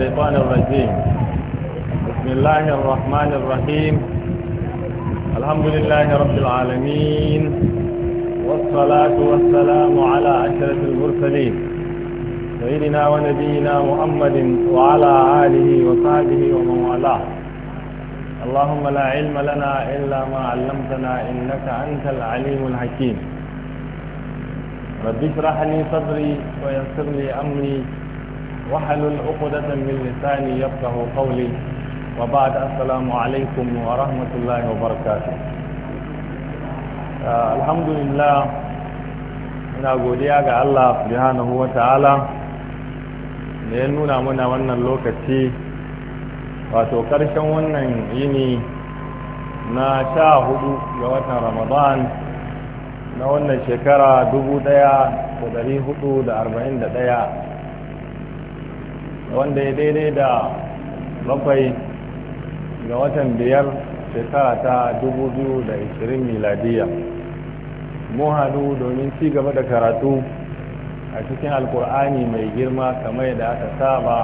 الشيطان الرجيم بسم الله الرحمن الرحيم الحمد لله رب العالمين والصلاة والسلام على أشرف المرسلين سيدنا ونبينا محمد وعلى آله وصحبه ومن والاه اللهم لا علم لنا إلا ما علمتنا إنك أنت العليم الحكيم رب اشرح لي صدري ويسر لي أمري وحلل عقدة من لساني يفقه قولي وبعد السلام عليكم ورحمة الله وبركاته الحمد لله من godiya ga Allah سبحانه wa ta'ala من ya nuna muna wannan lokaci wato ما wannan yini na sha hudu ga watan ramadan na wannan shekara dubu ɗaya da hudu da arba'in da ɗaya. wanda ya daidai da bakwai ga watan biyar shekara ta 2020 miladiya mu haɗu domin ci gaba da karatu a cikin alkur'ani mai girma kamar da aka saba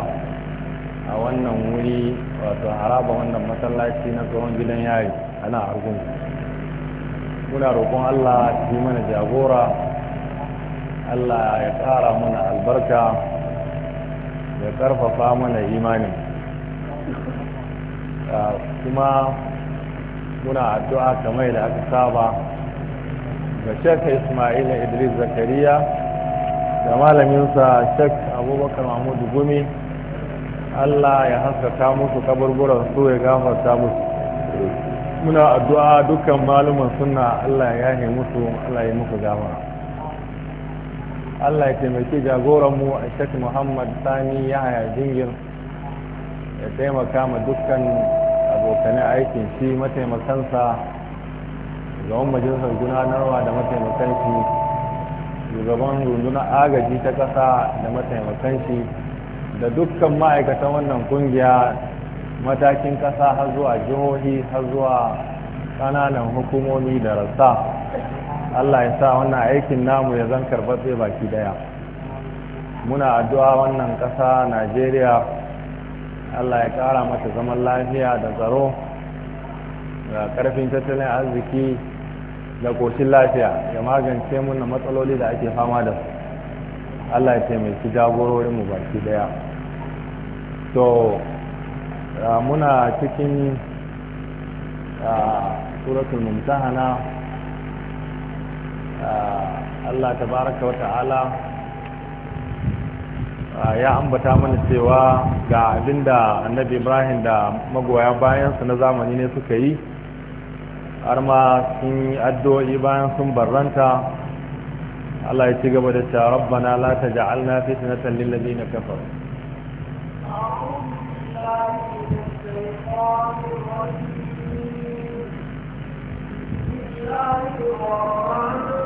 a wannan wuri wato haraba wannan masallaci na tsohon gidan yari ana argun muna roƙon allah yi mana jagora allah ya ƙara mana albarka ya karfafa mana imani ah, kuma muna addu'a kamar da aka saba ga shekha ismail idris zakariya da malaminsa shek abubakar mahmudu gumi allah ya haskaka musu kaburburan su ya gafarta musu muna addu'a dukkan malumin suna allah ya yi musu allah ya yi musu gama Allah ya taimaki mu a Sheikh Muhammad Sani ya Yahaya Jingir ya taimaka ma dukkan abokanai aikin shi mataimakansa gaban majalisar gudanarwa da mataimakan shi shugaban rundunar agaji ta ƙasa da mataimakan shi da dukkan ma'aikatan wannan kungiya matakin ƙasa har zuwa jihohi har zuwa ƙananan hukumomi da rassa Allah ya sa wannan aikin namu ya zan karbatse baki daya muna addu'a wannan ƙasa Najeriya Allah ya kara mata zaman lafiya da tsaro da ƙarfin tattalin arziki da ƙoshin lafiya ya magance muna matsaloli da ake fama da su Allah ya taimaki mu baki daya to muna cikin suratul mumtahana Ah, Allah tabaraka wa ta'ala ah, ya ambata mana cewa ga abinda annabi Ibrahim da magoya bayansa na zamani ne suka yi har ma sun yi addu'o'i bayan sun barranta Allah ya ci gaba da ta na la taj'alna fitnatan lil ladina kafaru a'udhu billahi minash shaitanir rajim ya الله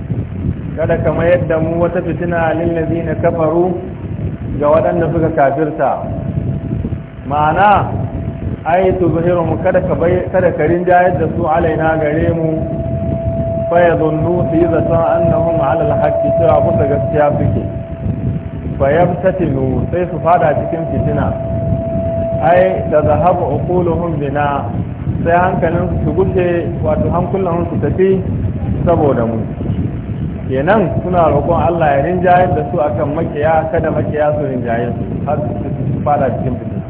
kada ka mayar da mu wata fitina lillazi na kafaru ga waɗanda suka kafirta ma'ana ai zuhiru mu kada ka bai kada ka rinjayar da su alaina gare mu fa yadhunnu fi zatan annahum ala alhaqqi cewa kusa gaskiya suke fa yabtatilu sai su fada cikin fitina ai da zahabu uquluhum bina sai hankalin su gushe wato hankulan su tafi saboda mu kenan suna roƙon Allah ya rinjaye da su akan makiya kada makiya su rinjaye su har su fada cikin fitina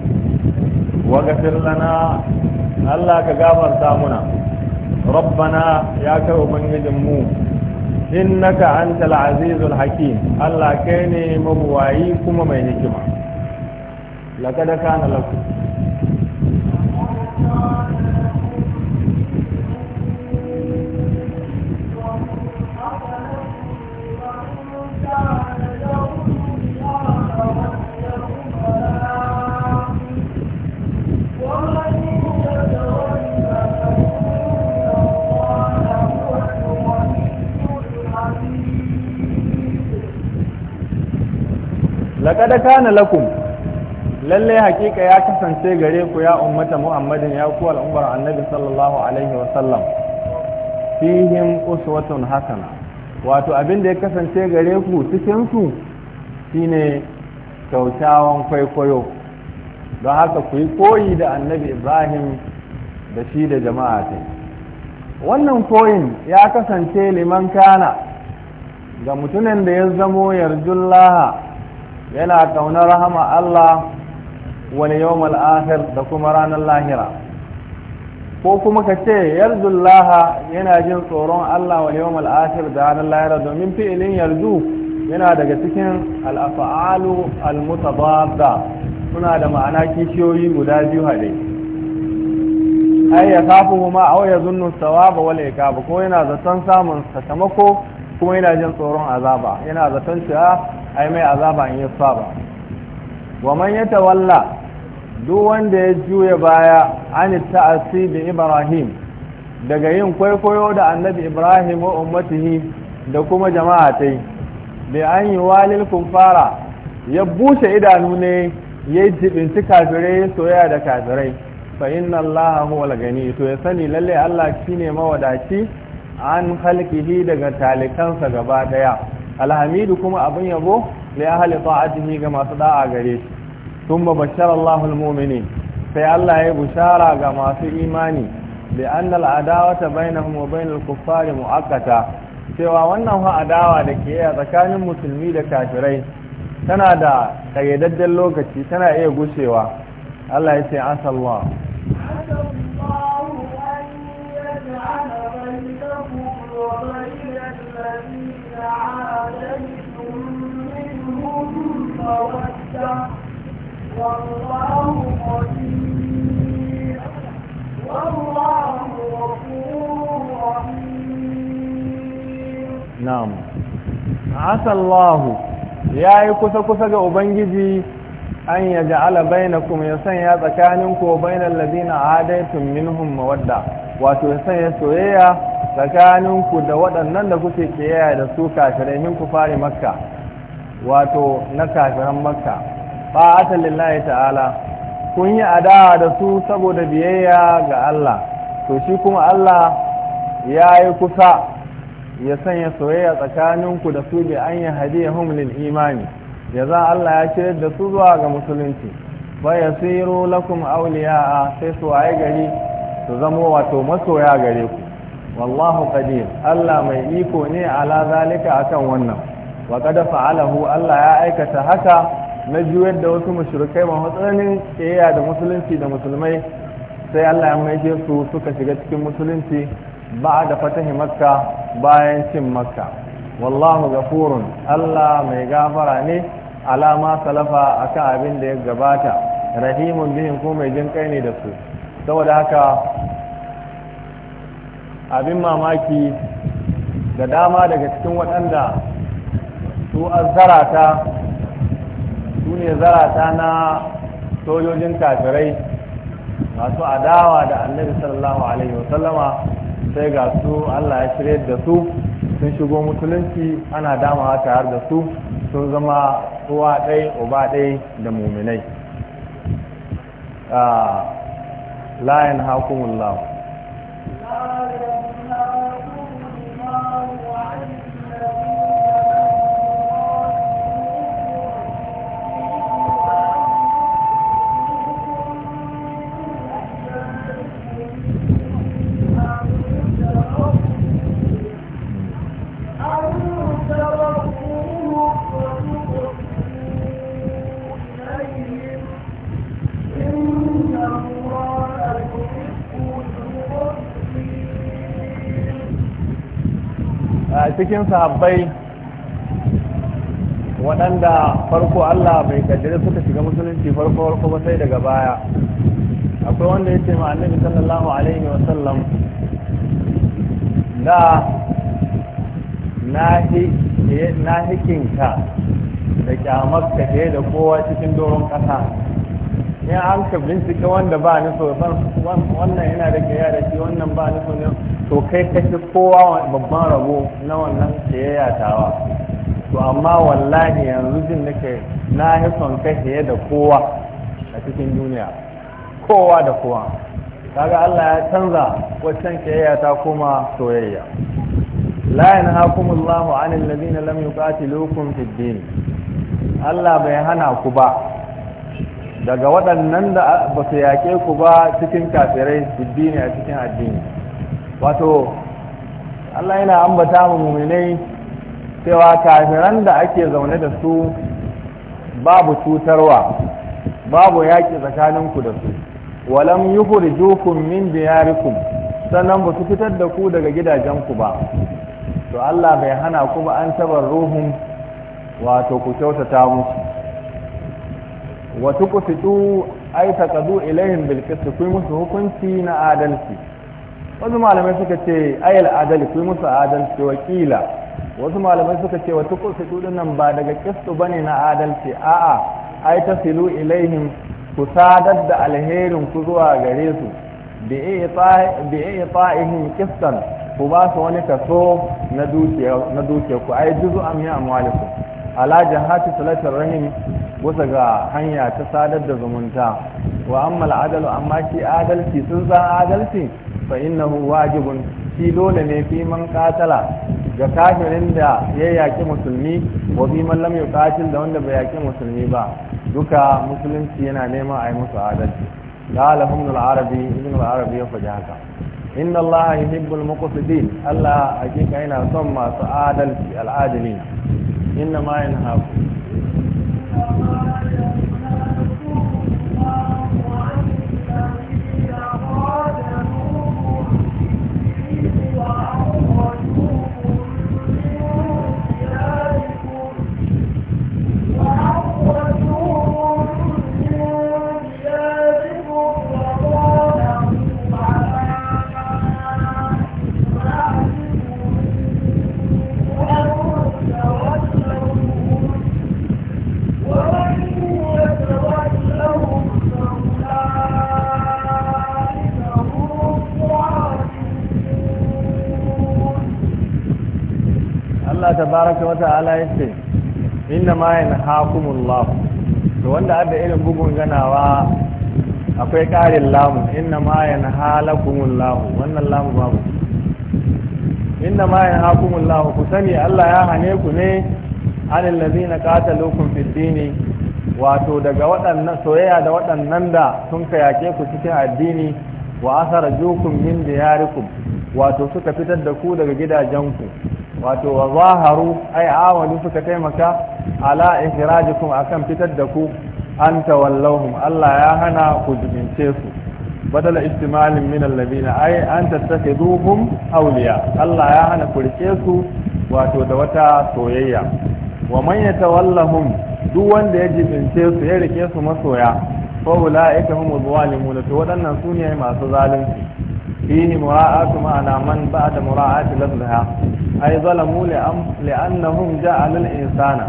wa gafir lana Allah ka gafarta muna rabbana ya kai ubangijin mu innaka antal azizul hakim Allah kai ne mabuwayi kuma mai hikima laqad kana lakum laqad kana lakum Lallai hakika ya kasance gare ku ya ummata muhammadin ya ku al'ummar annabi sallallahu alaihi wa sallam fihim uswatun hasana wato abin da ya kasance gare ku cikin su shine kyaukyawan kwaikwayo don haka ku yi koyi da annabi ibrahim da shi da jama'a ta wannan koyin ya kasance liman kana ga mutumin da ya zamo Laha. yana kaunar rahama Allah wani yau mal'ahir da kuma ranar lahira ko kuma ka ce laha yana jin tsoron Allah wani yau mal'ahir da ranar lahira domin fi'ilin yarzu yana daga cikin al'afa'alu al-mutabadda suna da ma'ana kishiyoyi guda biyu haɗe ai ya kafu kuma a waya zunnu sawaba wal ko yana zaton samun sakamako kuma yana jin tsoron azaba yana zaton cewa ai mai azaba in ya ba wa man ya tawalla duk wanda ya juya baya an ta'asi bi ibrahim daga yin kwaikwayo da annabi ibrahim wa ummatihi da kuma jama'a tai bi an yi walil kufara ya bushe idanu ne ya jibinci kafirai soyayya da kafirai fa inna allaha huwal gani to ya sani lalle allah shine mawadaci an halkihi daga talikansa gaba daya alhamidu kuma abin yabo ya ahli ta'atihi ga masu da'a gare shi thumma bashara Allahu almu'minin sai Allah ya bushara ga masu imani bi anna ta bainahum mu bainal kuffari mu'akkata cewa wannan ha adawa da ke a tsakanin musulmi da kafirai tana da kayyadadden lokaci tana iya gushewa Allah ya ce asallahu عانيتم منهم yayi ya yi kusa-kusa ga Ubangiji an ya ja'ala bainakum ya sanya tsakaninku wa bainal ladina adaitum minhum mawadda wato ya sanya soyayya tsakaninku da waɗannan da kuke kiyaya da su kafirai min ku fari makka wato na kafiran makka ba ta lillahi ta'ala kun yi adawa da su saboda biyayya ga Allah to shi kuma Allah ya yi kusa ya sanya soyayya tsakaninku da su bi an yi hadiya lil imani ya za Allah ya ce da su zuwa ga musulunci ba ya siro lakum auliya sai su waye gari su zamo wato masoya gare ku wallahu qadir Allah mai iko ne ala zalika akan wannan wa qad fa'alahu Allah ya aikata haka na juyar da wasu mushrikai ma hatsarin kiyaya da musulunci da musulmai sai Allah ya maishe su suka shiga cikin musulunci ba'a da fatahi makka bayan cin makka wallahu ghafurun Allah mai gafara ne alama salafa akan abin da ya gabata rahimun bihim ko mai jin kai ne da su saboda haka abin mamaki da dama daga cikin waɗanda su an zarata su ne zarata na sojojin kafirai masu adawa da annabi sallallahu alaihi wasallama sai ga su allah ya shirya da su sun shigo musulunci ana damawa tare da su sun zama uwa ɗai uba ɗai da muminai ah, layan hakumullah cikin sahabbai waɗanda farko Allah bai kaddare suka shiga musulunci farko farko ba sai daga baya akwai wanda ya ce ma annabi sallallahu alaihi wa sallam da na eh, hikinka da kyamarka ke da kowa cikin doron kasa in an ka bincike wanda ba ni so wannan yana da kiyar da shi wannan ba ni so ne to kai ka fi kowa babban rabo na wannan siyayya tawa to amma wallahi yanzu jin nake na yi son kai da kowa a cikin duniya kowa da kowa kaga Allah ya canza waccan siyayya ta koma soyayya la yanhaakumullahu 'anil ladina lam yuqatilukum fid din Allah bai hana ku ba daga waɗannan da ba su yaƙe ku ba cikin kafirai addini a cikin addini wato Allah yana ambata mu muminai cewa kafiran da ake zaune da su babu cutarwa babu yaƙi tsakaninku da su walam yukhrijukum min diyarikum sannan ba su fitar da ku daga gidajenku ba to Allah bai hana ku ba an tabar ruhun wato ku kyautata musu wa tuqsitu ay taqdu ilaihim bil qist ku musu hukunci na adalci wasu malamai suka ce ayal adali su musu adalci wakila wasu malamai suka ce wata kusa nan ba daga kistu bane na adalci a'a ai ta silu ilaihin ku sadar da alherin ku zuwa gare su bi iya fa'ihin kistan ku ba su wani kaso na dukiya ku ai juzu am ya amwalikum ala jahati salatar rahim wasu ga hanya ta sadar da zumunta wa amma al'adalu amma shi adalci sun san adalci fa innahu wajibun shi dole ne fi man qatala ga kafirin da ya yaki musulmi wa fi man lam yuqatil da wanda bai yaki musulmi ba duka musulunci yana neman a yi musu adalci قال ابن العربي ابن العربي يفجع haka inna Allah yuhibbul muqsitin Allah hakika yana son masu adalci al'adilin inna ma yanhaqu ta'ala ya ce inna ma yana lamu to wanda adda irin bugun ganawa akwai ƙarin lamu inna ma yana lamu wannan lamu babu inna ma yana lamu ku sani Allah ya hane ku ne anil na ƙata fid fitini wato daga waɗannan soyayya da waɗannan da sun kayake ku cikin addini wa asara jukun min diyarikum wato suka fitar da ku daga gidajenku wato wa zaharu ai awadu suka taimaka ala ihrajikum akan fitar da ku an tawallahum Allah ya hana ku jibince su badala istimalin min alladhina ai an tattakhiduhum awliya Allah ya hana ku rike su wato da wata soyayya wa man yatawallahum duk wanda ya jibince su ya rike su masoya fa ulaika humuz zalimun to waɗannan sune masu zalunci fihi mura'atu ma'ana man ba'da mura'ati lafzaha ai zalamu li'annahum ja'al al-insana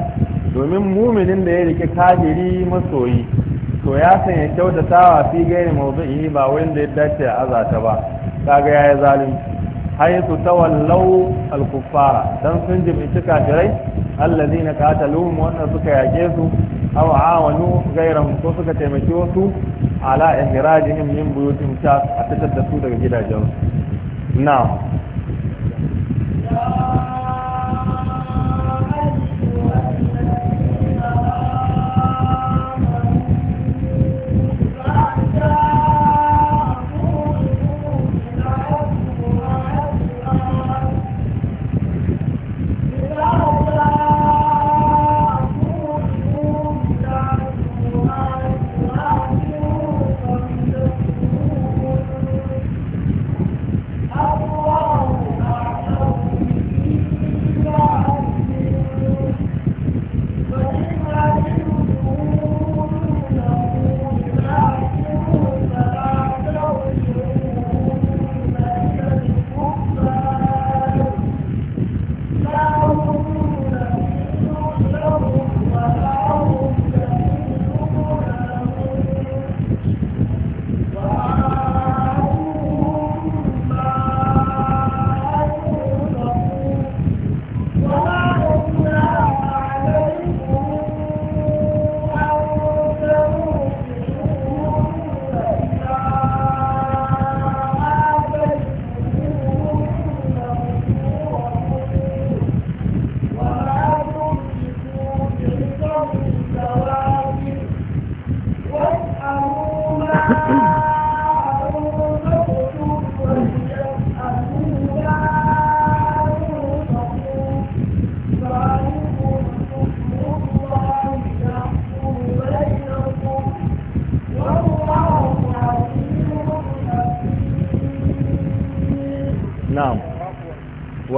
domin muminin da ya rike kafiri masoyi to ya san ya kyautatawa fi gairi mawdu'i ba wanda ya dace a azata ba kaga yayi zalunci haythu tawallaw al-kuffara dan sun jibi kafirai alladhina qataluhum wanda suka yake su aw aawanu gairan ko suka taimaki wasu ala ihrajihim min buyutihim ta a fitar da su daga gidajensu na.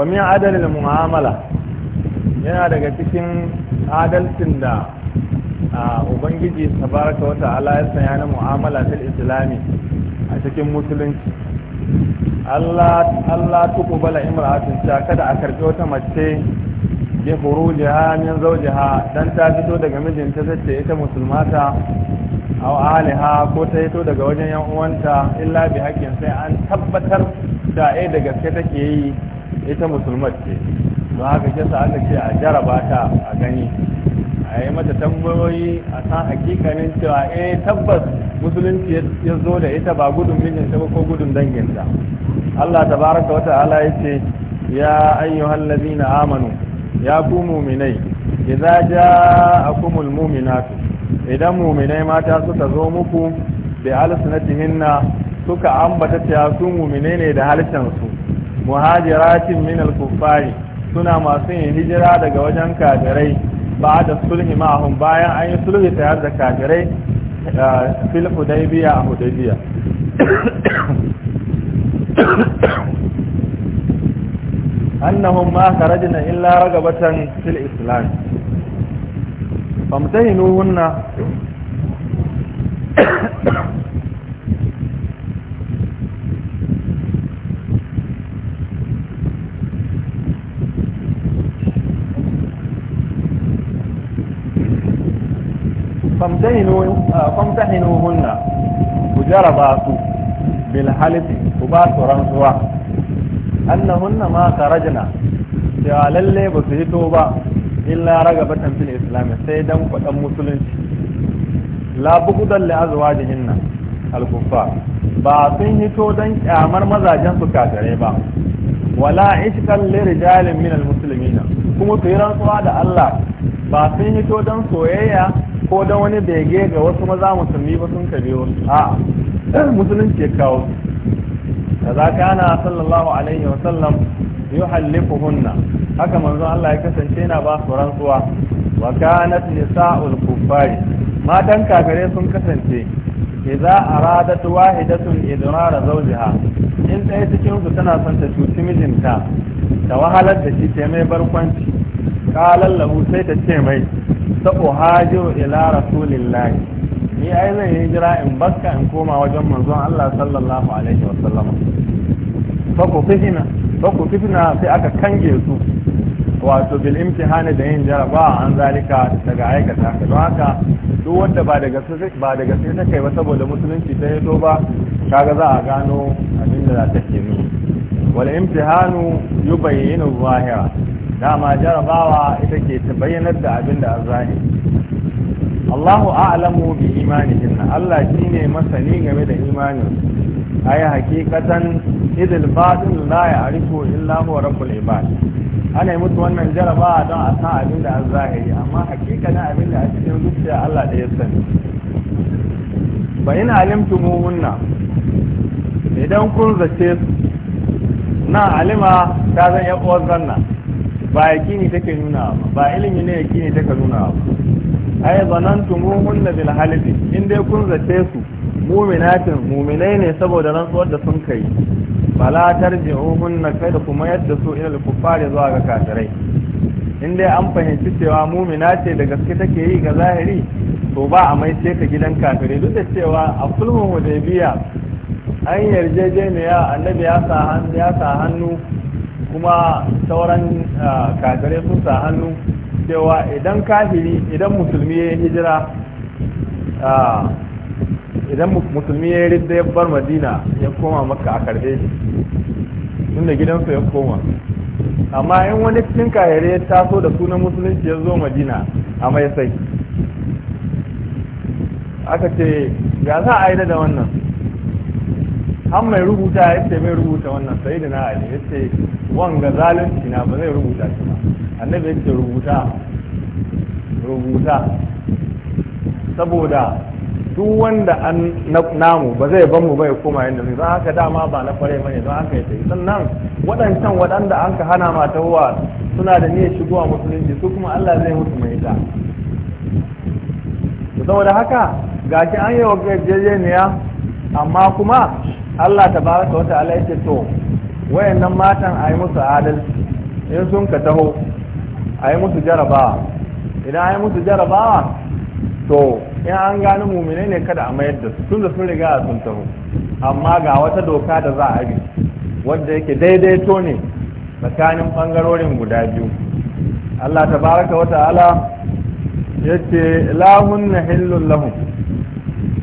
min mu'amala yana daga cikin adalcin da ubangiji tabaraka wa ta'ala ya sanya na mu'amala ta islami a cikin musulunci Allah tuku bala imra'atin ta kada a karbi wata mace bi jiha min zaujiha dan ta fito daga mijinta sace ita musulmata aw aliha ko ta fito daga wajen yan uwanta illa bi haƙƙin sai an tabbatar da ai eh, da gaske take yi ita musulmat ce don haka sa aka ce a jaraba ta a gani a yi mata tambayoyi a san hakikanin cewa eh tabbas musulunci ya zo da ita ba gudun mijinta ba ko gudun danginta Allah ta baraka wata ala ya ayyuhal ladina amanu ya ku mu'minai idza ja'akumul mu'minatu idan mu'minai mata suka zo muku bi alsinatihinna suka ambata ta su mu'minai ne da su. muhajiratin min al-kuffari suna masu yin hijira daga wajen kafirai ba da sulhi ma'ahum bayan an yi sulhi tare da kafirai fil hudaybiya a hudaybiya annahum ma kharajna illa ragabatan fil islam famtahinuhunna famtahinu hunna ku jaraba su bil halifi ku ba su rantsuwa annahunna ma karajna cewa lalle ba su hito ba illa ragabatan fil islam sai dan kwadan musulunci la bugudan li azwajihinna al kuffar ba sun hito dan kyamar mazajen su kakare ba wala ishkan li rijalin min al muslimina kuma su yi rantsuwa da Allah ba sun hito dan soyayya ko don wani bege ga wasu maza musulmi ba sun kabe wasu a eh, musulunci ya kawo da za ka yana sallallahu alaihi wa sallam yuhallifu hunna haka manzon Allah ya kasance yana ba su rantsuwa wa kanat nisa'ul kufari matan kagare sun kasance idza aradat wahidatun idrara zawjiha in ɗaya cikin su tana son ta cuci mijinta ta wahalar da shi ta mai barkwanci kalan sai ta ce mai ta uhajiru ila rasulillahi ni ai zan yi jira in baska in koma wajen manzon Allah sallallahu alaihi sallama fa ku fitina fa ku fitina sai aka kange su wato bil imtihani da yin jaraba an zalika daga aikata ka don haka duk wanda ba daga ba daga sai take ba saboda musulunci ta yato ba kaga za a gano abin da za ta ke nuni wal imtihanu yubayyinu zahira dama jarabawa ita ke bayyanar da abin da azani Allahu a'lamu bi imanihim Allah ne masani game da imanin yi hakikatan idil batin la ya'rifu illa huwa rabbul ibad ana yi mutu wannan jarabawa don a san abin da an zahiri amma hakikanin abin da a cikin zuciya Allah da ya sani ba in alimtumuhunna idan kun zace na alima ta zan yi uwar zanna ba yakini take nuna ba ilimi ne yakini take nuna ai zanantum hunna bil halifi in kun zace su mu'minatin mu'minai ne saboda rantsuwar da sun kai fala kai kada kuma yadda su ila kuffari zuwa ga kafirai in an fahimci cewa mumina ce da gaske take yi ga zahiri to ba a mai ka gidan kafirai duk da cewa a da hudaybiya an yarjejeniya annabi ya sa hannu kuma sauran ah, kafirai sun sa hannu cewa idan kafiri idan musulmi ya hijira ah, idan musulmi ya ridda ya bar madina ya koma maka a karbe shi tunda gidansu ya koma amma in wani cikin kayare ya taso da sunan musulunci ya zo madina a mai sai aka ce ya za a yi da wannan an mai rubuta ya ce mai rubuta wannan sai da na ali ya ce wanga zalunci na ba zai rubuta shi ba annabi ya ce rubuta rubuta saboda duk wanda an namu ba zai ban mu ba ya koma yadda zai haka dama ba na kware mai za haka ya sannan waɗancan waɗanda an ka hana mata wa suna da niyyar shigowa musulunci su kuma Allah zai mutu mai ita saboda haka gashi an yi wa ya amma kuma Allah ta baraka wata ala yake to wayannan matan a yi musu adalci in sun ka taho a yi musu jarabawa idan a yi musu jarabawa to in an gani mumine ne kada a mayar da su tun da sun riga sun taho amma ga wata doka da za a bi wadda yake daidaito ne tsakanin ɓangarorin guda biyu Allah ta wata ala ta'ala yace lahunna hillul lahum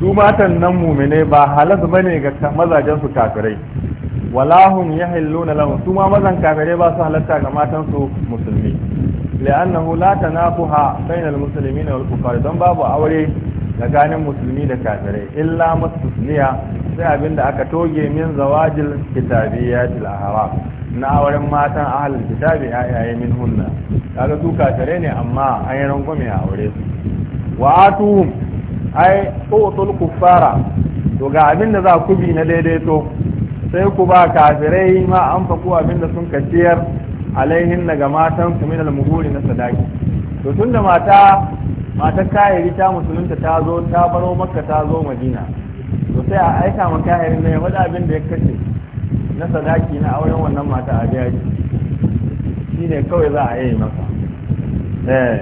su matan nan mumine ba halazu bane ga mazajen su kafirai walahum yahilluna lahum su ma mazan kafirai ba su halatta ga matan su musulmi li'annahu la tanafuha bainal muslimin wal kufar don babu aure tsakanin musulmi da kafirai illa mustasniya sai abin da aka toge min zawajil kitabiyatil ahwa na auren matan ahalin kitabi ayaye min hunna kaga su kafirai ne amma an yi rangwame a aure su wa atuhum ai utul kufara to ga abin da za ku bi na daidaito sai ku ba kafirai ma an faku abin da sun kaciyar alaihin daga matan su min almuhuri na sadaki to tunda mata mata kayari ta musulunta ta zo ta baro makka ta zo madina to sai a aika ma kayarin ne wani abin da ya kace na sadaki na auren wannan mata a biya shine kawai za a yi masa eh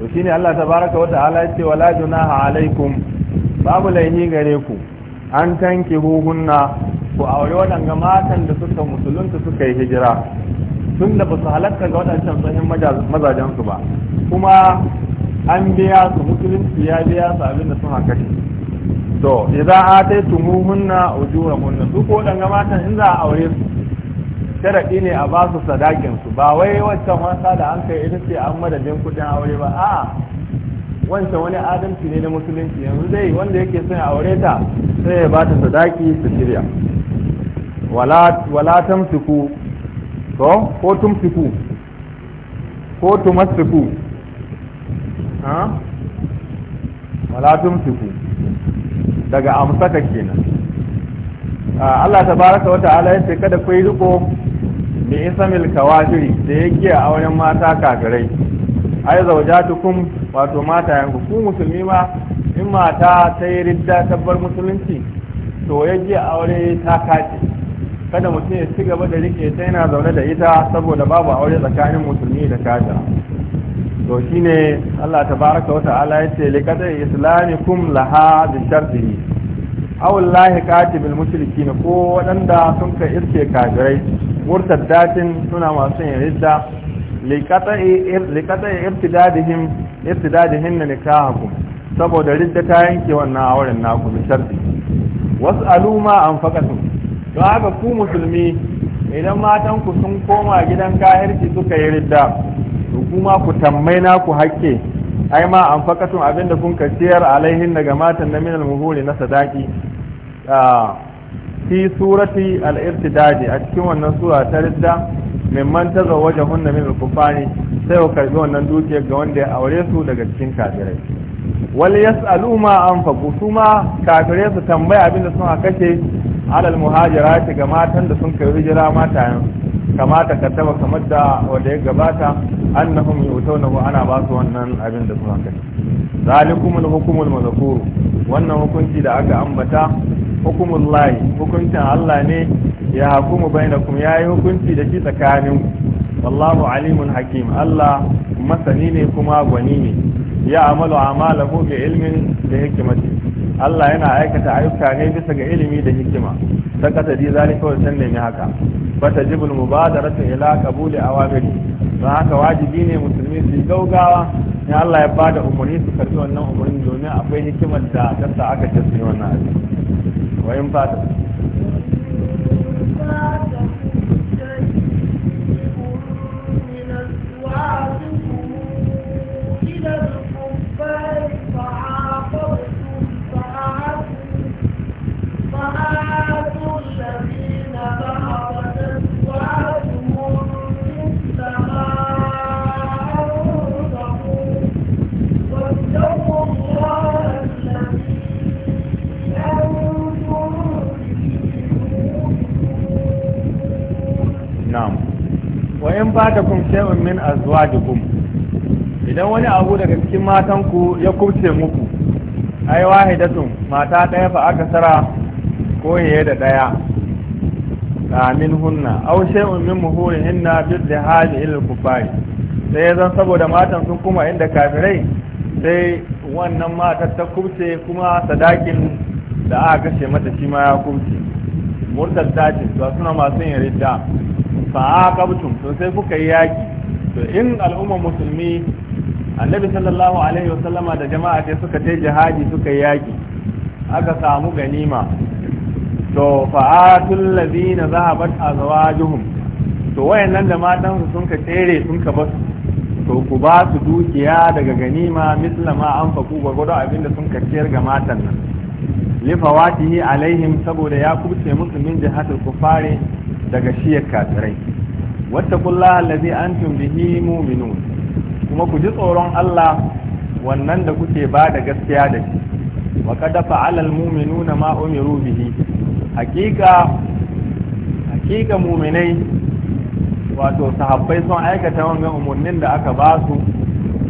to shine Allah tabaraka wa ta'ala yace wala junaha alaikum babu laihi gare ku an tanki ruhunna ku aure waɗanga matan da suka musulunta suka yi hijira tun da ba su halatta ga waɗancan tsohon mazajensu ba kuma an biya su musulunci ya biya su abin da sun hankali to idan a taitu muhunna ujura hunna su ko waɗanga matan in za a aure su sharaɗi ne a ba su sadakinsu ba wai wancan wasa da an kai ita ce an madadin kudin aure ba a wancan wani adalci ne na musulunci yanzu dai wanda yake son aure ta sai ya ba ta sadaki su shirya wala tamsiku to ko tumsiku ko tumasiku ha wala tumsiku daga amsaka kenan Allah ta wata wa ta'ala yace kada ku yi riko bi isamil kawafiri da ya giya a wajen mata kafirai ai zawjatukum wato mata yanku ku musulmi ma in mata ta yi ridda tabbar musulunci to ya giya aure ta kace kada mutum ya ci gaba da rike ta yana zaune da ita saboda babu aure tsakanin musulmi da kafira to shine Allah tabaraka wa ta'ala yace liqad islamikum laha bi shartihi awul lahi katibil mushriki ko waɗanda sun ka iske kafirai murtaddatin suna masu yin ridda liƙatai irtidadihim irtidadihin na nikahakum saboda ridda ta yanke wannan auren naku misharti wasu aluma an faƙasu don haka ku musulmi idan matan ku sun koma gidan kahirci suka yi ridda to kuma ku tammai naku hakke ai ma an faƙasun abinda kun ka ciyar alaihin daga matan na minal muhuri na sadaki A fi surati al-irtidadi a cikin wannan sura ta ridda mimman wajen hunna min al-kufari sai ku karbi wannan dukiyar ga wanda ya aure su daga cikin kafirai wal yas'alu ma anfaqu suma kafirai su tambaya abin da sun kashe alal muhajirati ga matan da sun kai hijira yan kamata ka taba kamar da wanda ya gabata annahum wa ana ba su wannan abin da sun kashe zalikumul hukumul mazkur wannan hukunci da aka ambata hukumullahi hukuncin Allah ne ya hakumu ya yayi hukunci da shi tsakanin wallahu alimun hakim Allah masani ne kuma gwani ne ya amalu amalahu bi ilmin da hikimati Allah yana aikata ayyuka ne bisa ga ilimi da hikima sakata di zalika kawai san ne haka fatajibu mubadaratu ila a wagari don haka wajibi ne musulmi su gaugawa in Allah ya bada umarni su karbi wannan umarni domin akwai hikimar da ta aka ce su yi wannan abin Vai empata. fatakum shay'un min azwajikum idan wani abu daga cikin matanku ya kurce muku ai wahidatun mata ɗaya fa aka sara ko yaye da ɗaya amin hunna aw shay'un min muhurihinna bil dhahal il kufari sai ya zan saboda matan sun kuma inda kafirai sai wannan matar ta kurce kuma sadakin da aka kashe mata shi ma ya kubce murtar ce ba suna masu yin ridda fa'aqabtum to sai kuka yi yaki to in al'umma musulmi annabi sallallahu alaihi wasallama da jama'a sai suka tai jihadi suka yi yaki aka samu ganima to fa'atul ladina zahabat azwajuhum to wayannan da matan su sun ka tere sun ka basu to ku ba su dukiya daga ganima misla ma an faku gwagwado da sun ciyar ga matan nan lifawatihi alaihim saboda ya kubce musu min jihatul kufari daga shiyar kafirai wata kulla allazi an bihi muminu kuma ku ji tsoron Allah wannan da kuke ba da gaskiya da shi wa qad fa'ala al-mu'minuna ma umiru bihi hakika hakika mu'minai wato sahabbai sun aikata wannan umurnin da aka ba su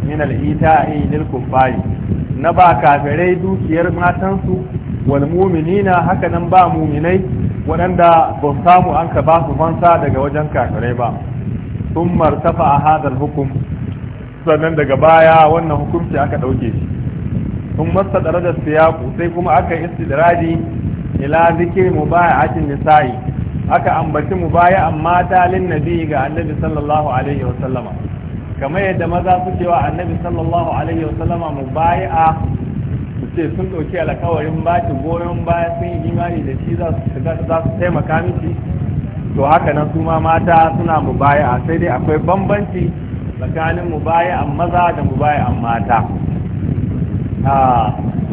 min al-ita'i lil kuffari na ba kafirai dukiyar matansu wal mu'minina haka nan ba mu'minai waɗanda ba samu an ka ba su fansa daga wajen kakarai ba sun martafa a hadar hukum sannan daga baya wannan hukunci aka ɗauke shi sun masa da siyaku sai kuma aka yi istidradi ila zikir mubaya'atin nisa'i aka ambaci mu mubaya'an mata lin nabi ga annabi sallallahu alaihi wa sallama kamar yadda maza suke wa annabi sallallahu alaihi wa sallama mu mubaya'a ce sun ɗauki alkawarin baki goyon baya sun yi imani da shi za su za su taimaka miki to haka nan su ma mata suna mu baya sai dai akwai bambanci tsakanin mu baya a maza da mu baya a mata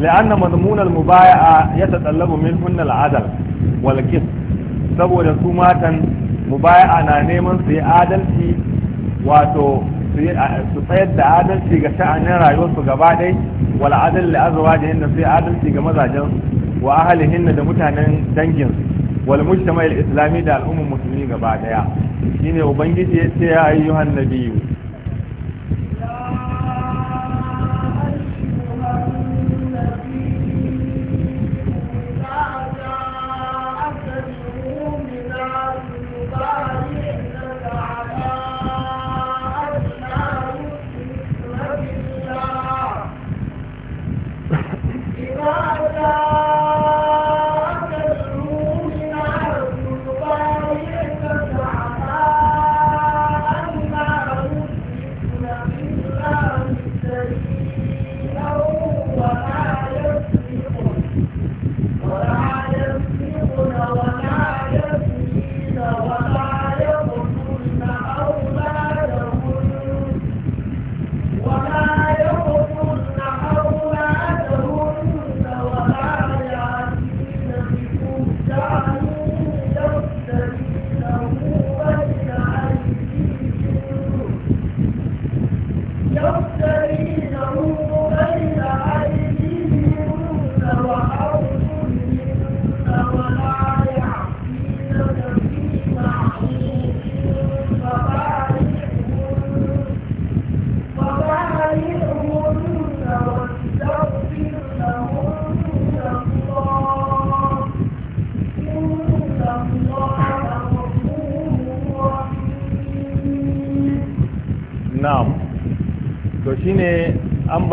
la'anna mazmunal mubaya'a ya tatallabu min hunna al'adal wal saboda su matan mubaya'a na neman su yi adalci wato su tsayar da adalci ga sha'anin rayuwarsu gaba ɗai wal adal da azawa da yadda adalci ga mazajen wa ahalihin da mutanen dangin wal mujtama'il islami da al'ummar musulmi gaba ɗaya shine ubangiji ya ce ya ayyuhan nabiyyu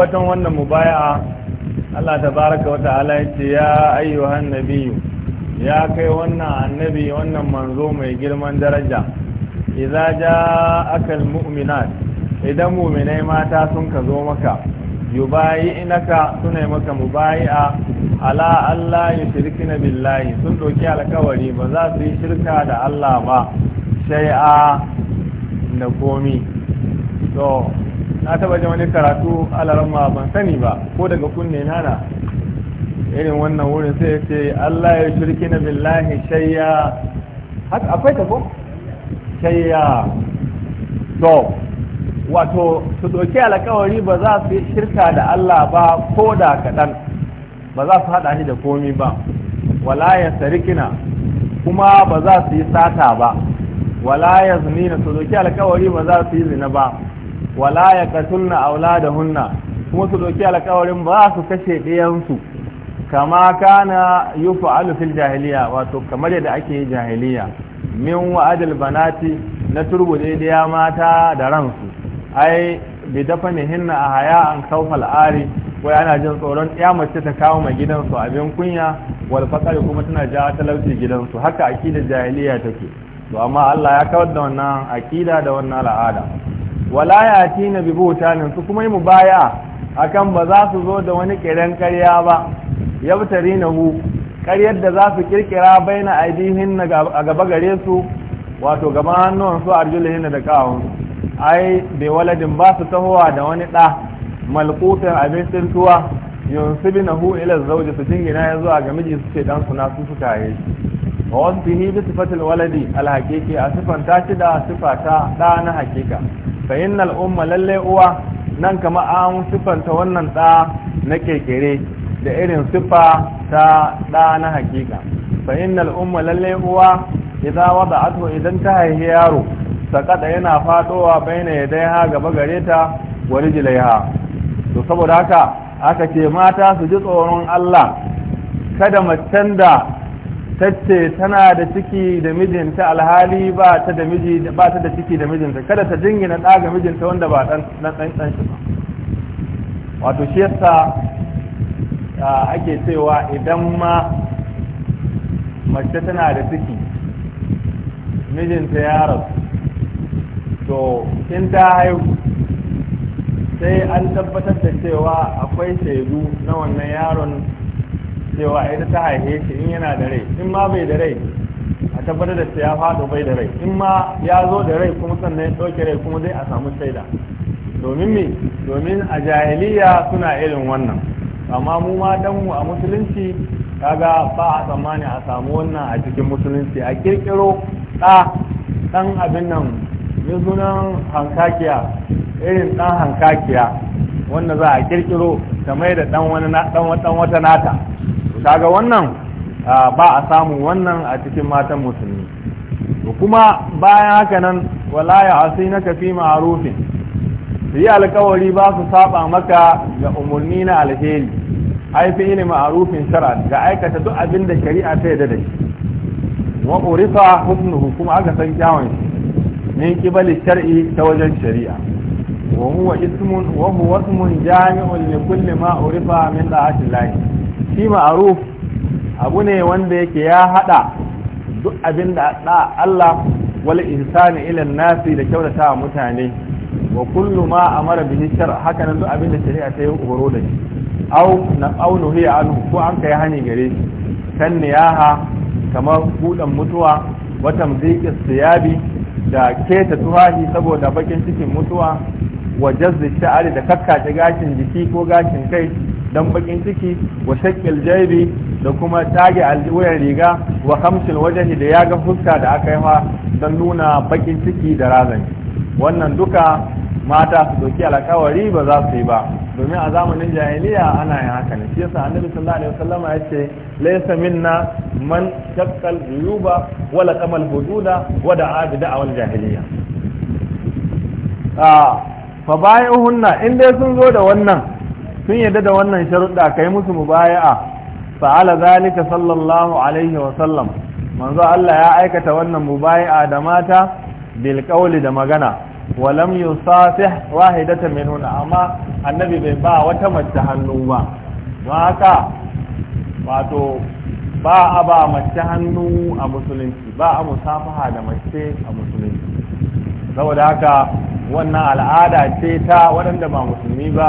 ambaton wannan mubaya'a Allah tabaraka wa ta'ala yace ya ayyuhan nabiyyu ya kai wannan annabi wannan manzo mai girman daraja idza ja'aka almu'minat idan mu'minai mata sun ka zo maka yubayi'naka suna maka mubayi'a ala Allah yushrikina billahi sun doki alkawari ba za su yi shirka da Allah ba shay'a da komi to na taba jin ne karatu alarma ban sani ba ko daga kunne nana irin wannan wurin sai ya ce Allah ya shirki na billahi shayya haka akwai ta ko shayya to wato su doke alkawari ba za su shirka da Allah ba ko da kaɗan ba za su haɗa shi da komi ba wala ya sarikina kuma ba za su yi sata ba wala ya zunina su doke alkawari ba za su yi zina ba wala ya katunna auladahunna kuma su doki alƙawarin ba su kashe ɗiyansu kama kana yufa'alu alufin jahiliya wato kamar yadda ake jahiliya min wa'adil banati na turbu ɗiya mata da ransu ai bi dafa hinna a haya an kawfal ari ko yana jin tsoron ɗaya mace ta kawo ma gidansu abin kunya wal fakari kuma tana ja talauci gidansu haka akidar jahiliya take to amma Allah ya kawar da wannan akida da wannan al'ada wala na bi butanin su kuma yi mu baya akan ba za su zo da wani kiran karya ba ya na hu karyar da za su kirkira baina aidihin a gaba gare su wato gaba hannun su arjulihin da kawun ai bai waladin ba su tahowa da wani ɗa malkutan abin tsintuwa yansu bi na hu ilar zauji su jingina ya zuwa ga miji su ce ɗansu na su suka yi wa wasbihi bi sifatil waladi alhakiki a a sifanta shi da ta da na hakika fa innal umma lalle uwa nan kama an sifanta wannan da na kekere da irin sifa ta da na hakika fa innal umma lalle uwa idza wada'atu idan ta haihi yaro sakada yana fadowa baina ha gaba gare ta wa rijlaiha to saboda haka aka ce mata su ji tsoron Allah kada macen da tace tana da ciki da mijinta alhali ba ta da miji ba ta da ciki da mijinta kada ta jingina da ga mijinta wanda ba dan dan dan shi wato shi yasa ake cewa idan ma mace tana da ciki mijinta ya rasu to in ta haihu sai an tabbatar da cewa akwai shaidu na wannan yaron cewa ita ta haife shi in yana da rai in ma bai da rai a tabbatar da shi ya faɗo bai da rai in ma ya zo da rai kuma sannan ya ɗauke rai kuma zai a samu shaida domin me domin a jahiliya suna irin wannan amma mu ma mu a musulunci kaga ba a tsammani a samu wannan a cikin musulunci a kirkiro ɗa ɗan abin nan yanzunan hankakiya irin ɗan hankakiya wanda za a kirkiro ta mai da ɗan wata nata kaga wannan ba a samu wannan a cikin matan musulmi kuma bayan haka nan walaya ya asina ka fi ma'arufin su yi alkawari ba su saba maka ga umarni na alheri haifi ne ma'arufin shar'a ga aikata duk abin da shari'a ta yadda da shi wa urifa kuma aka san kyawun shi min kibali shar'i ta wajen shari'a wa huwa ismun wa huwa ismun jami'un li kulli ma urifa min da'ati shi ma'aruf abu ne wanda yake ya hada duk abin da da Allah wal insani ila nasi da kyautata wa mutane wa kullu ma amara bihi shar haka nan duk abin da shari'a ta yi horo da shi au na au nuhi anhu ko an kai hani gare shi kan niyaha kamar kudan mutuwa wa tamdiki siyabi da keta tuhahi saboda bakin cikin mutuwa wa jazzi da kakkace gashin jiki ko gashin kai dan bakin ciki wa shakkal jaibi da kuma tage alwayar riga wa wajen wajhi da yaga fuska da aka yi don nuna bakin ciki da razani wannan duka mata su doki alkawari ba za su yi ba domin a zamanin jahiliya ana yin haka ne shi yasa annabi sallallahu alaihi wasallam ya ce laysa minna man shakkal juyuba wala qamal hududa wa da'a bi da'awal jahiliya ah, fa bayuhunna hunna in dai sun zo da wannan sun yadda da wannan sharuɗa kai musu mubaya'a fa'ala zalika sallallahu alaihi wa sallam manzo Allah ya aikata wannan mubaya'a da mata bil qawli da magana wa lam yusafih wahidatan minhunna amma annabi bai ba wata mace hannu ba haka wato ba a ba mace hannu a musulunci ba a musafaha da mace a musulunci saboda haka wannan al'ada ce ta waɗanda ba musulmi ba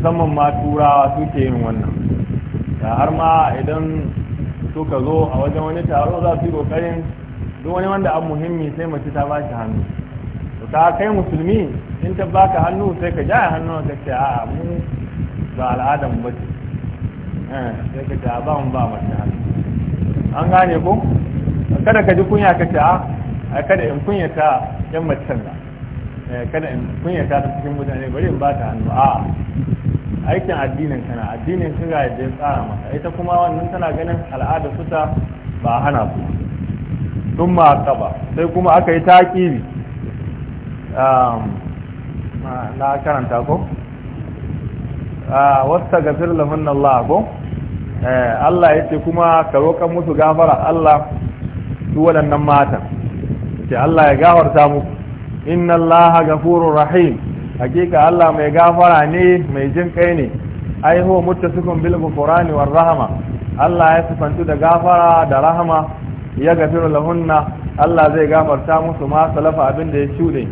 musamman ma turawa suke yin wannan har ma idan suka zo a wajen wani taro za su yi kokarin duk wani wanda abu muhimmi sai mace ta baki hannu to ta kai musulmi in ta baka hannu sai ka jaya hannu ka ce a'a mu ba al'adar ba ce eh, sai ka ce a ba mu ba mace hannu an gane ko kada ka ji kunya ka ce a kada in kunya ta yan mace eh, kada in kunya ta cikin mutane bari in ba ta hannu a aikin addinin kana addinin ka ga yadda ya tsara maka ita kuma wannan tana ganin al'ada suta ba hana su sun ma ba sai kuma aka yi taƙiri na karanta ko wasta gafir lahun Allah ko eh, Allah ya ce kuma ka roƙon musu gafara Allah su waɗannan matan ce Allah ya gafarta muku inna Allah gafurur rahim hakika Allah mai gafara ne mai jin kai ne ai mutta sukun bil qurani war rahma Allah ya sifantu da gafara da rahama ya gafiru lahunna Allah zai gafarta musu ma salafa abin da ya shuɗe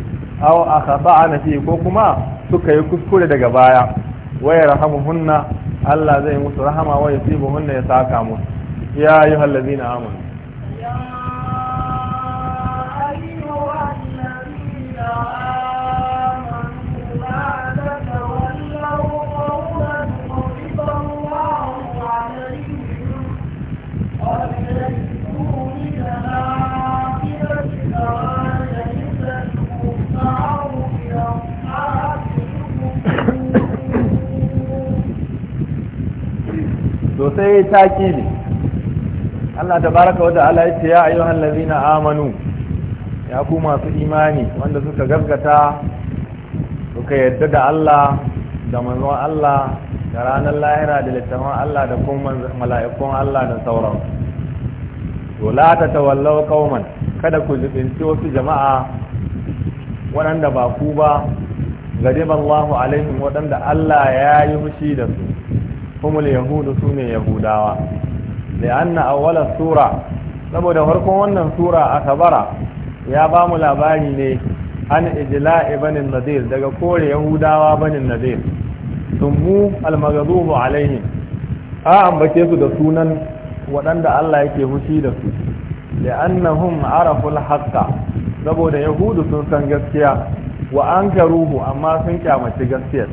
aw akhata'a fi ko kuma suka yi kuskure daga baya waya yarhamuhunna Allah zai musu rahama waya sibuhunna ya saka musu ya ayyuhallazina amanu sai ya taki ne Allah ta baraka wa ta'ala ya ce ya ayyuhan lazina amanu ya ku masu imani wanda suka gaskata suka yadda da Allah da manzon Allah da ranar lahira da littafin Allah da kuma mala'ikun Allah da sauran to la ta tawallaw qauman kada ku jibinci wasu jama'a waɗanda ba ku ba gadiba alaihim waɗanda Allah ya yi fushi da su humul yahudu su ne yahudawa li'anna awwala sura saboda farkon wannan sura a tabara ya ba mu labari ne an ijla'i banin nadir daga kore yahudawa banin nadir mu almagazubu alaihi a ambace su da sunan waɗanda Allah yake fushi da su annahum araful haqqa saboda yahudu sun san gaskiya wa ankaruhu amma sun kyamaci gaskiyar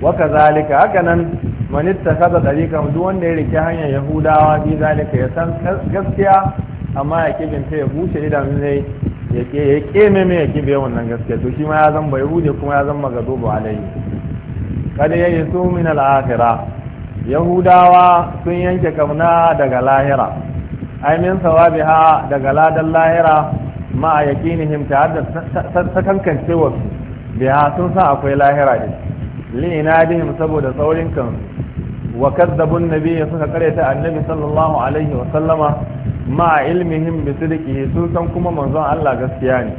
wa kazalika haka nan kasa kaza kan duk wanda ya rike hanyar yahudawa bi zalika ya san gaskiya amma ya kibin ta ya bushe idanun ne ya ke ya ke biya wannan gaskiya to shi ma ya zan bai kuma ya zan gado ba alayi. kada ya yi su min al'akhira yahudawa sun yanke kamna daga lahira ai min ha daga ladan lahira ma'a a yakinihim ta da sakankancewa biya sun san akwai lahira din li'inadihim saboda saurin kan wa kazzabun nabiyya suka karyata annabi sallallahu alaihi wa sallama ma ilmihim bi sidqihi sun san kuma manzon Allah gaskiya ne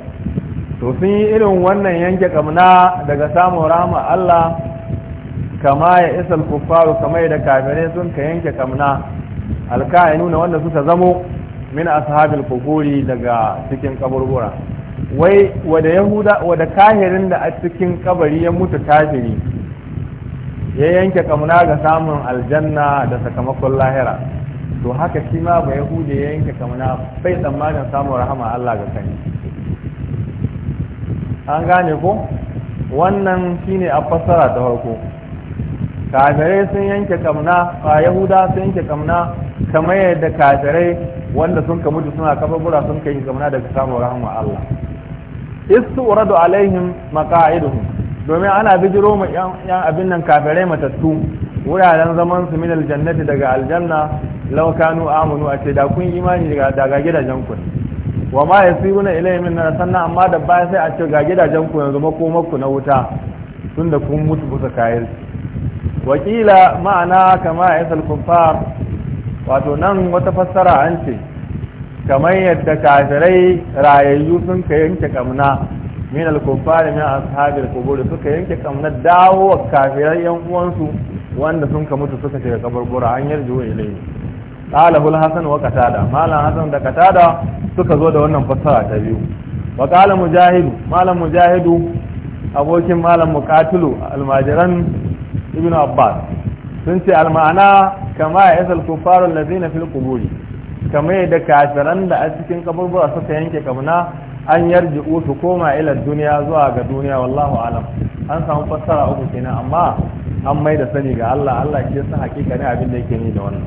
to sun yi irin wannan yanke kamna daga samun rahama Allah kama ya isal kuffaru kama da kafirai sun ka yanke kamna nuna wanda suka zamo min ashabil kufuri daga cikin kaburbura wai wada yahuda wada kahirin da a cikin kabari ya mutu kafiri ya yanke kamuna ga samun aljanna da sakamakon lahira to haka shi ma ba yahude ya yanke kamuna bai tsammanin samun rahama Allah ga kai an gane ko wannan shine a fassara ta farko kafirai sun yanke kamuna a yahuda sun yanke kamuna kamar yadda kafirai wanda sun ka mutu suna kafabura sun kai kamuna daga samun rahama Allah istu uradu alaihim maqa'iduhum domin ana bijiro ma yan abin nan kafirai matattu wuraren zaman su min aljannati daga aljanna law kanu amanu a ce da kun imani daga daga gidajen ku wa ma yasiruna ilayhi min sannan amma da ba sai a ce ga gidajen ku yanzu makomar ku na wuta tunda kun mutu kusa kayan wakila ma'ana kama yasal kuffar wato nan wata fassara an ce kamar yadda kafirai rayayyu sun ka yanke kamna min al-kuffari min ashabi qubur suka yanke kamnar dawo wa kafirai yan uwansu wanda sun ka mutu suka shiga kaburbura an yarjo ilayhi qala hul hasan wa qatada malam hasan da qatada suka zo da wannan fassara ta biyu wa qala mujahid malam mujahidu abokin malam muqatilu almajiran ibnu abbas sun ce almana kama ya kufaru kufarun fil qubur kama yadda kafiran da a cikin kaburbura suka yanke kamna an yarji su koma ila duniya zuwa ga duniya wallahu alam an samu fassara uku kina amma an mai da sani ga Allah Allah ke san hakika ne abin da yake ni da wannan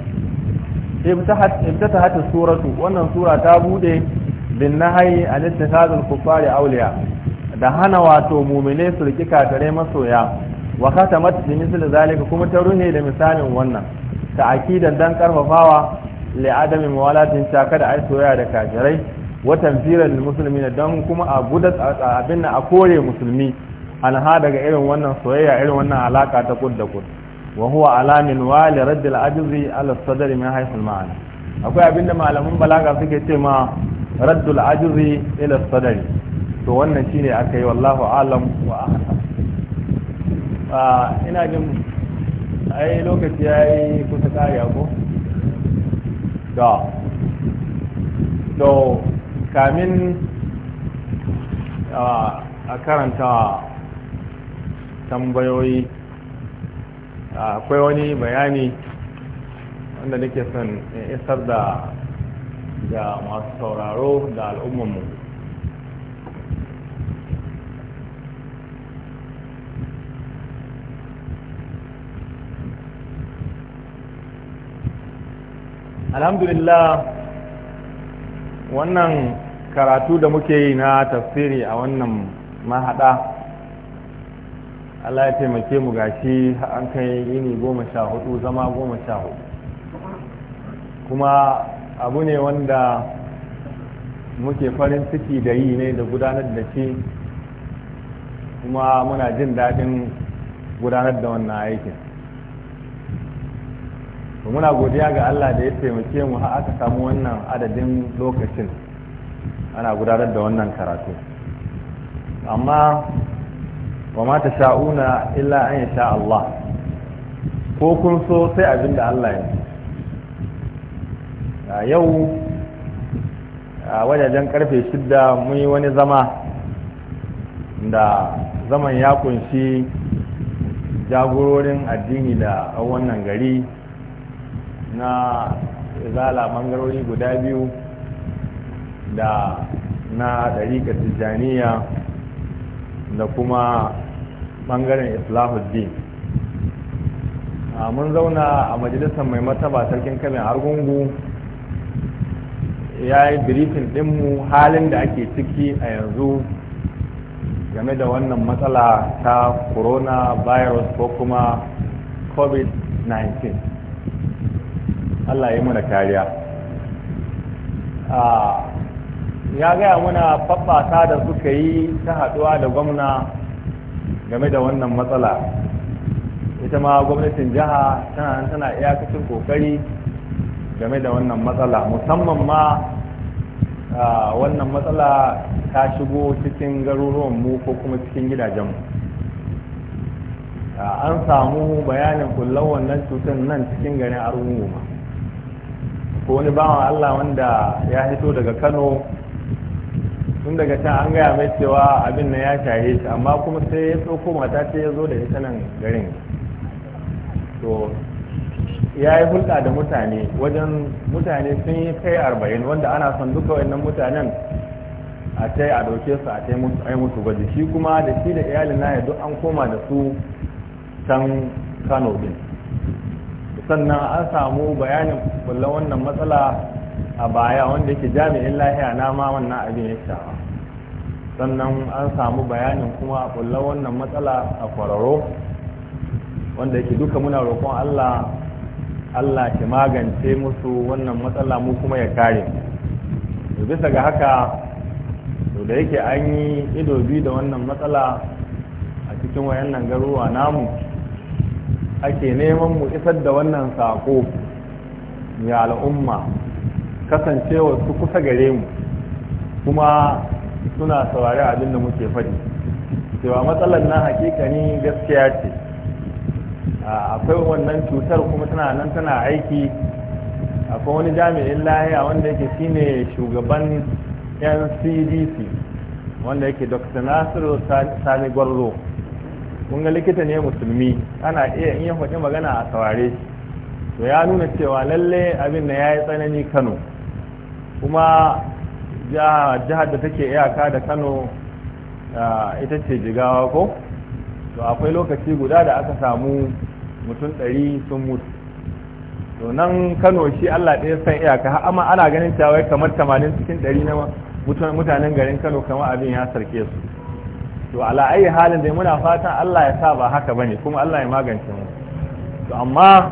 ibtatahat suratu wannan sura ta bude bin nahyi an ittihadul kufari awliya da hana wato mu'mine su riki kafirai masoya wa khatamat bi misl zalika kuma ta ruhe da misalin wannan ta akidan dan karfafawa li adami mawalatin shaka da ai soyayya da kafirai watan firar musulmi na don kuma a guda abin a kore musulmi alha daga irin wannan soyayya irin wannan alaka ta kud da kud wa huwa alamin wa li raddil ajzi ala sadr min haythu ma'ana akwai abinda malaman balaga suke ce ma raddul ajzi ila sadr to wannan shine akai wallahu alam wa ahlam ina jin ai lokaci yayi kusa kariya ko da to kamin a karanta tambayoyi akwai wani bayani wanda nake son isar da ga masu sauraro da al'ummanmu alhamdulillah wannan karatu da muke yi na tafsiri a wannan mahaɗa Allah ya taimake mu gashi an kai yini goma sha hudu zama goma sha hudu kuma abu ne wanda muke farin ciki da yi ne da gudanar da shi kuma muna jin daɗin gudanar da wannan aikin muna godiya ga Allah da ya taimake mu har aka samu wannan adadin lokacin ana gudanar da wannan karatu amma wa ma ta sha'una illa an ya sha Allah ko kun so sai abin da Allah ya yi yau a wajajen karfe shidda mun yi wani zama da zaman ya kunshi jagororin addini da wannan gari na izala mangarori guda biyu da na ɗariƙa tijjaniya da kuma ɓangaren a mun zauna a majalisar mai mataba sarkin kamin argungu ya yi birifin ɗinmu halin da ake ciki a yanzu game da wannan matsala ta coronavirus ko kuma covid-19 allah ya mana kariya ya gaya muna faɓata da suka yi ta haɗuwa da gwamna game da wannan matsala ita ma gwamnatin jiha tana tana iyakacin kokari game da wannan matsala musamman ma wannan matsala ta shigo cikin mu ko kuma cikin gidajenmu an samu bayanin kullum wannan cutar nan cikin garin goma ko wani bawan allah wanda ya hito daga kano tun daga can an gaya mai cewa abin na ya shaye shi amma kuma sai ya tsoko mata ce ya zo da ita nan garin to ya yi hulɗa da mutane wajen mutane sun yi kai arba'in wanda ana son duka wannan mutanen a tai a ɗauke su a tai mutu ai mutu gwaji shi kuma da shi da iyalin na duk an koma da su can kano din sannan an samu bayanin kullum wannan matsala a baya wanda yake jami'in lahiya na ma wannan abin ya shawa sannan an samu bayanin kuma a kulla wannan matsala a kwararo wanda yake duka muna roƙon allah allah ki magance musu wannan matsala mu kuma ya kare to bisa ga haka to da yake an yi ido biyu da wannan matsala a cikin wayannan garuwa namu ake neman mu isar da wannan saƙo ya al'umma kasancewa su kusa gare mu kuma suna saurari abin da muke faɗi cewa matsalar na hakika ne gaskiya ce akwai wannan cutar kuma tana nan tana aiki akwai wani jami'in lahiya wanda yake shine shugaban ncdc wanda yake dr nasiru sani gwarzo kun likita ne musulmi ana iya yin ya faɗi magana a saurare to ya nuna cewa lalle abin da ya yi tsanani kano kuma jihar da take iyaka da kano ita ce jigawa ko to akwai lokaci guda da aka samu mutum ɗari sun mutu to nan kano shi allah ɗaya san iyaka amma ana ganin cewa kamar 80 cikin ɗari na mutanen garin kano kamar abin ya sarke su to ala ayi halin da muna fatan allah ya sa ba haka bane kuma allah ya magance mu to amma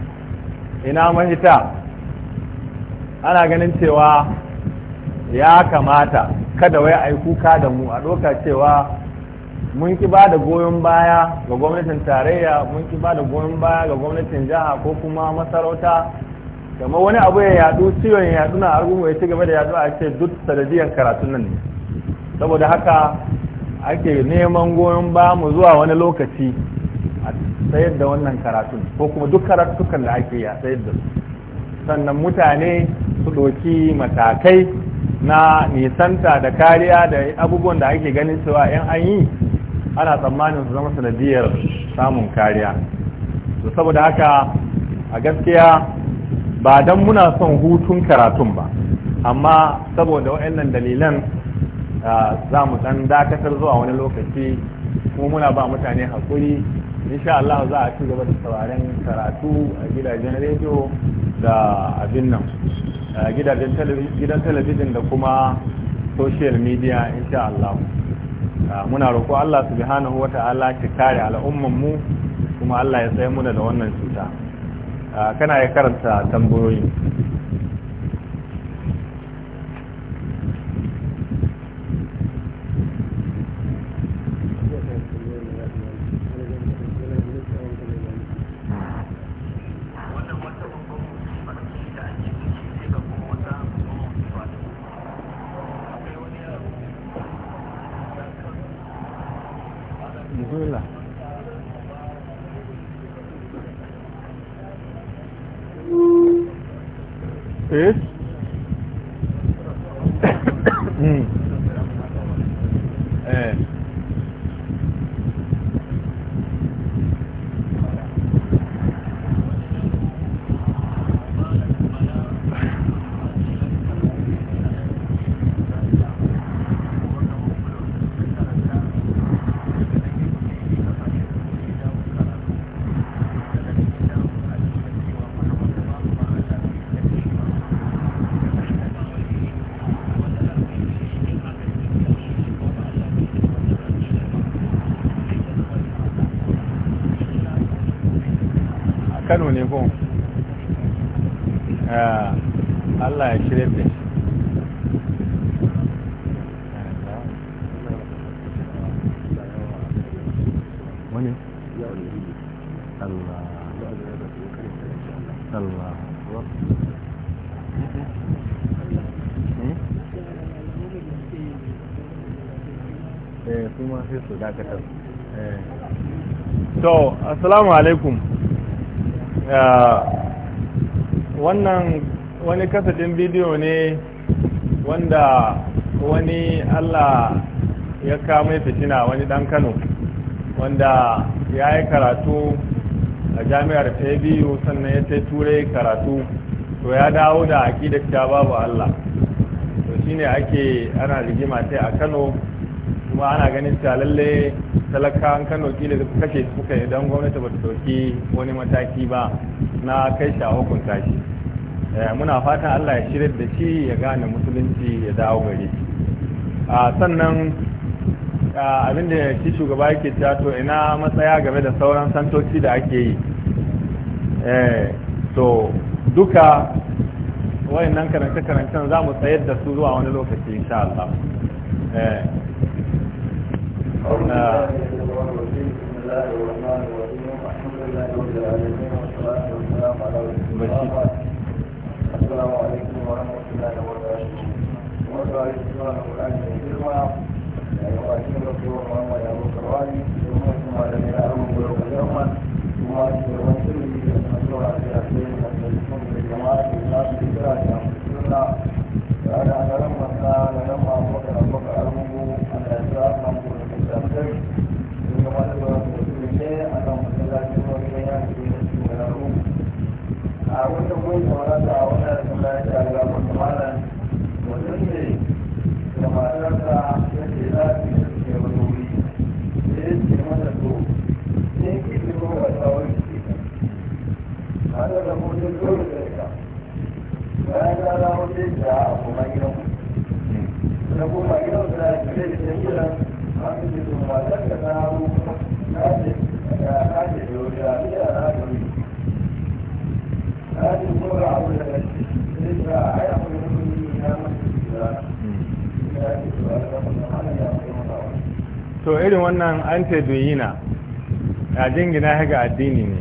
ina mahita ana ganin cewa ya kamata kada wai a yi kuka da mu a ɗauka cewa mun ki ba da goyon baya ga gwamnatin tarayya mun ki ba da goyon baya ga gwamnatin jiha ko kuma masarauta kamar wani abu ya yadu ciwon yadu na argungu ya ci gaba da yadu a ce duk sadadiyar karatun nan ne saboda haka ake neman goyon ba mu zuwa wani lokaci a sayar da wannan karatun ko kuma duk karatukan da ake yi a sayar da su sannan mutane su ɗoki matakai na nisanta da kariya da abubuwan da ake ganin cewa yan an yi ana tsammanin su zama sanadiyar samun kariya to saboda haka a gaskiya ba don muna son hutun karatun ba amma saboda waɗannan dalilan za mu ɗan dakatar zuwa wani lokaci kuma muna ba mutane haƙuri insha Allah za a ci gaba da sauraren karatu a gidajen rediyo da abin nan gidan talabijin da kuma social media insha Allah muna roƙo Allah subhanahu ta'ala ki kare al'umman mu kuma Allah ya tsaye muna da wannan cuta kana ya karanta tambayoyi kano ne ko Allah ya shirya da shi wani Allah Allah hmm? eh, eh. to assalamu alaikum wannan wani kasadin bidiyo ne wanda wani allah ya kama fitina wani dan kano wanda ya yi karatu a jami'ar ta sannan ya ce turai karatu to ya dawo da aƙidar ta babu allah to shine ake ana rigima a kano kuma ana ganin ta lalle talaka an kano kila kashe su kuka idan gwamnati ba ta dauki wani mataki ba na kai shi a hukunta shi eh, muna fatan allah ya shirya da shi ya gane musulunci ya dawo gari. Ah, sannan ah, abinda shi shugaba yake cewa to ina matsaya game da sauran santoci da ake yi eh, to duka wayannan karance-karancen za mu tsayar da su zuwa wani lokaci insha Allah eh, نعم السلام عليكم ورحمة الله وبركاته وعلى الله وعلى الله وعلى الله وعلى الله وعلى الله وعلى الله an duyina a jingina ya ga addini ne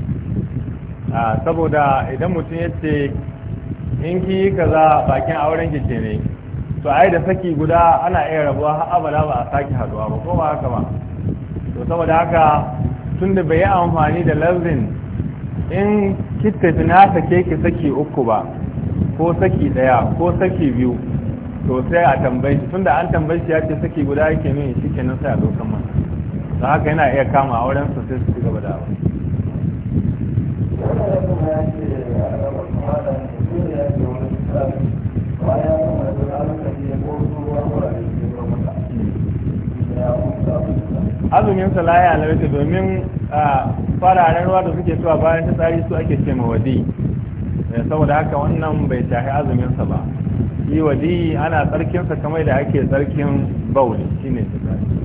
saboda idan mutum ya ce in ki yi kaza bakin auren ki ce ne to ai da saki guda ana iya rabuwa har abada ba a sake haduwa ba ko ba haka ba to saboda haka tun da bai yi amfani da lafzin in ki na sake ki saki uku ba ko saki daya ko saki biyu to sai a tambayi tun da an tambayi ya ce saki guda yake nuni shi kenan sai a dokan da haka yana iya kama auren su sai su ci gaba da awa azumin sa laye alawita domin fararen ruwa da suke zuwa bayan ta tsari su ake ce ma mawadi eh, saboda haka wannan bai shahi azumin sa ba yi wadi ana tsarkinsa kamar da ake tsarkin bauli shine tsari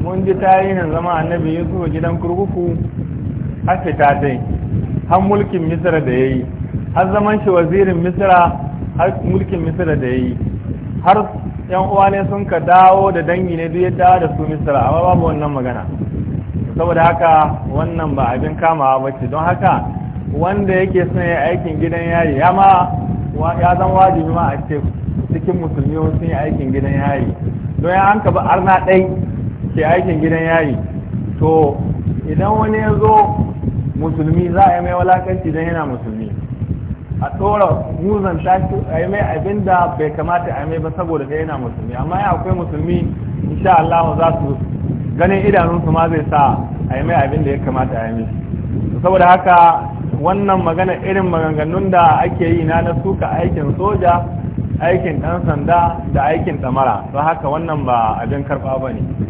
mun ji tarihin zama annabi zuwa gidan kurkuku a fita dai har mulkin misira da ya yi har zaman shi wazirin misira har mulkin misira da ya yi har yan uwa ne sun ka dawo da dangi ne duk ya dawo da su misira amma babu wannan magana saboda haka wannan ba abin kamawa ba ce don haka wanda yake son ya aikin gidan yari ya ma ya zan wajibi ma a ce cikin musulmi sun yi aikin gidan yari don ya an ka ba arna ɗai ke aikin gidan yayi to idan wani ya zo musulmi za a yi mai walakanci don yana musulmi a tsora muzan ce a yi mai abin da bai kamata a yi mai ba saboda ta yana musulmi amma ya akwai musulmi insha Allah za su ganin idanunsu ma zai sa a yi mai abin da ya kamata a yi mai saboda haka wannan magana irin maganganun da ake yi na na suka aikin soja aikin ɗan sanda da aikin ɗamara don haka wannan ba abin karɓa ba ne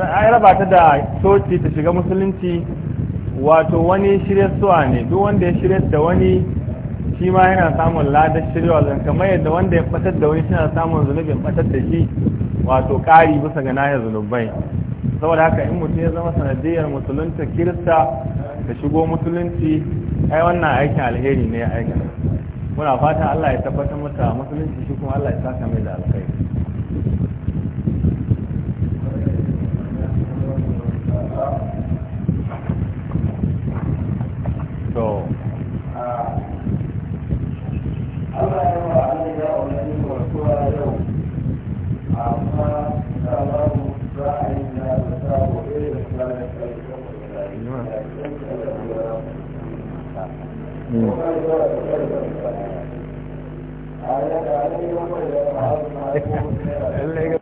ai raba ta da coci ta shiga musulunci wato wani shirye suwa ne duk wanda ya shirye da wani shi ma yana samun ladar shirya zan kamar yadda wanda ya fatar da wani suna samun zunubin fatar da shi wato kari bisa ga nahiyar zunubai saboda haka in mutum ya zama sanadiyar musulunta kirista da shigo musulunci ai wannan aikin alheri ne ya aikata muna fata Allah ya tabbatar mata musulunci shi kuma Allah ya saka mai da alkhairi Hmm. lallai